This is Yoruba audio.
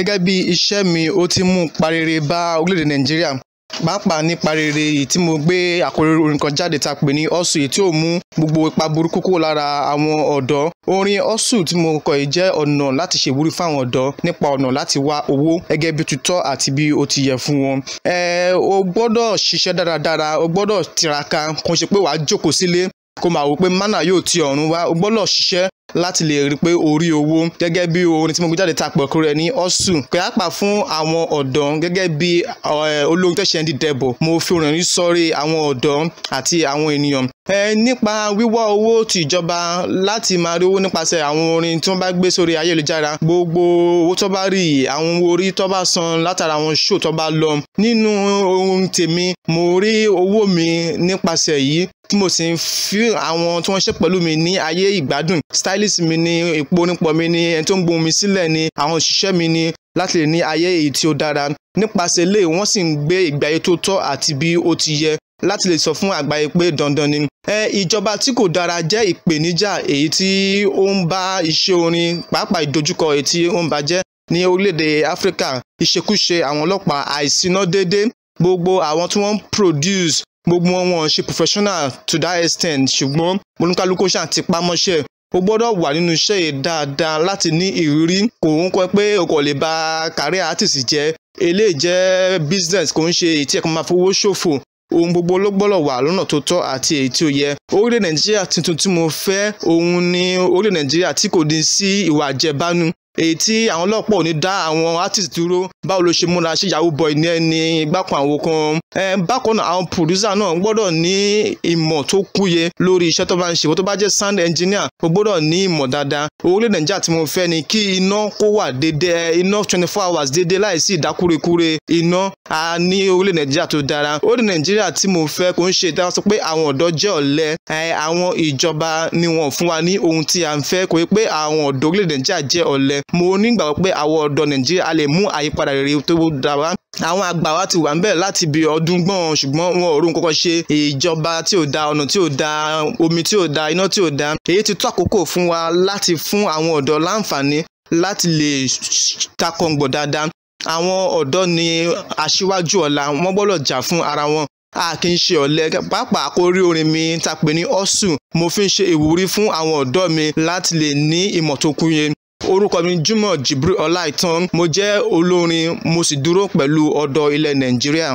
gẹ́gẹ́ bí iṣẹ́ mi ó ti mú parire rere bá orílẹ̀-èdè nàìjíríà pàápàá nípa rere èyí tí mo gbé àkórí orin kan jáde ta pè ní ọ̀sù èyí tí ó mú gbogbo ipa burúkú kúrò lára àwọn ọ̀dọ́ orin ọ̀sù tí mo kọ yìí jẹ́ ọ̀nà láti ṣèwúrí fáwọn ọ̀dọ́ nípa ọ̀nà láti wá owó gẹ́gẹ́ bí tutọ́ àti bí ó ti yẹ fún wọn. ẹ o gbọ́dọ̀ ṣiṣẹ́ dáradára o gbọ́dọ̀ tiraka kò ṣe pé wàá jókòó sílé kó máa wò pé mana yóò ti ọ̀run wá o gbọ́dọ̀ ṣiṣẹ́ láti lè rí i pé orí owó gẹ́gẹ́ bí orin tí mo gbé jáde ta pẹ̀kú rẹ̀ ní ọ̀sù kẹ́yàpá fún àwọn ọ̀dọ́ gẹ́gẹ́ bí olóhùn tẹ̀sẹ̀ ń dìdẹ̀bọ̀ mo fi orin rí sọ́rí àwọn ọ̀dọ́ àti àwọn ènìyàn Eh, nípa wíwá owó ti ìjọba láti máa rí owó nípasẹ̀ àwọn orin tí wọ́n bá gbé sórí ayélujára gbogbo owó tó bá rí àwọn orí tó bá san látara àwọn ṣó tó bá lọ nínú ohun tèmi mo rí owó mi nípasẹ̀ yìí tí mo sì ń fi àwọn tí wọ́n ṣe pẹ̀lú mi ní ayé ìgbádùn stylist mi ni epo nípọ̀ mi ni ẹni tó ń gbóhùn mi sílẹ̀ ni àwọn òṣìṣẹ́ mi ni láti lè ní ayé èyí tí ó dára nípasẹ̀ eléyìí wọ́n sì ń gbé ìgbé ayé tó tọ́ àti bí ó ti yẹ láti lè sọ fún àgbáyé pé dandan ni ẹ ìjọba tí kò dára jẹ́ ìpèníjà èyí tí ó ń bá iṣẹ́ orin pàápàá ìdojúkọ èyí tí ó ń bá ní orílẹ̀-èdè Áfíríkà ìṣekúṣe àwọn ọlọ́pàá àìsíná déédéé gbogbo àwọn tí wọ́n ń produce gbogbo wọn wọn ṣe professional to that extent ṣùgbọ́n olúkálukú ṣáà ti pamọ́ṣẹ́ o gbọ́dọ̀ wà nínú iṣẹ́ yìí dáadáa láti ní ìrírí kò ń kọ́ pé o kò lè ba career artist jẹ́ eléyìí jẹ́ business kò ń ṣe èyí tí ẹ̀ka máa fowó ṣòfò ohun gbogbo ló gbọ́dọ̀ wà lọ́nà tó tọ́ àti èyí tí ó yẹ orílẹ̀ nàìjíríà tuntun tí mo fẹ́ òun ni orílẹ̀ nàìjíríà tí kò ní sí ìwà àjẹbánu èyí tí àwọn ọlọ́pàá ò ní dá àwọn artist dúró báwo ló ṣe múra ṣe yahoo boy ní ẹni gbákan àwọn kan bákan náà àwọn producer náà gbọ́dọ̀ ní ìmọ̀ tó kúye lórí iṣẹ́ tó bá ń ṣe wọ́n tó bá jẹ́ sound engineer ó gbọ́dọ̀ ní ìmọ̀ dáadáa orílẹ̀ nàìjíríà tí mo fẹ́ ni kí iná kó wà dédé iná twenty four hours dédé láìsí ìdákúrekúre iná a ní orílẹ̀ nàìjíríà tó dára orílẹ̀ nàìjíríà tí mo fẹ́ kò ń ṣe ìdáwọ́ sọ pé àwọn ọ̀dọ́ jẹ́ ọ̀lẹ àwọn ìjọba ni wọ́n fún wa ní ohun tí a ń fẹ́ kò yẹ pé àwọn ọ̀dọ́ orílẹ̀ nàìjíríà jẹ́ ọ̀lẹ mo nígbàgbọ́ pé àwọn ọ̀dọ́ nàìjíríà a lè mú àyípadà rere tó dára àwọn àgbà wa ti wà ń bẹ̀ láti bí ọdún gbọ̀n ṣùgbọ́n wọn ò rún kankan ṣe ìjọba tí ò da ọ̀nà tí ò da omi tí ò da iná tí ò da èyí ti tó àkókò fún wa láti fún àwọn ọ̀dọ́ láǹfààní láti lè takọ̀ǹgbọ̀ dáadáa àwọn ọ̀dọ́ ni aṣíwájú ọ̀la wọ́n gbọ́dọ̀ jà fún ara wọn a kì í ṣe ọ̀lẹ pàápàá àkórí orin mi ta pè ní ọ́sùn mo fi ń ṣe ìwúrí fún àwọn ọ̀dọ́ mi láti lè ní ìmọ̀ tó kúnye orúkọ mi Jimoh Jibril Ọláìtàn mo jẹ́ olórin mo sì dúró pẹ̀lú ọ̀dọ́ ilẹ̀ Nàìjíríà.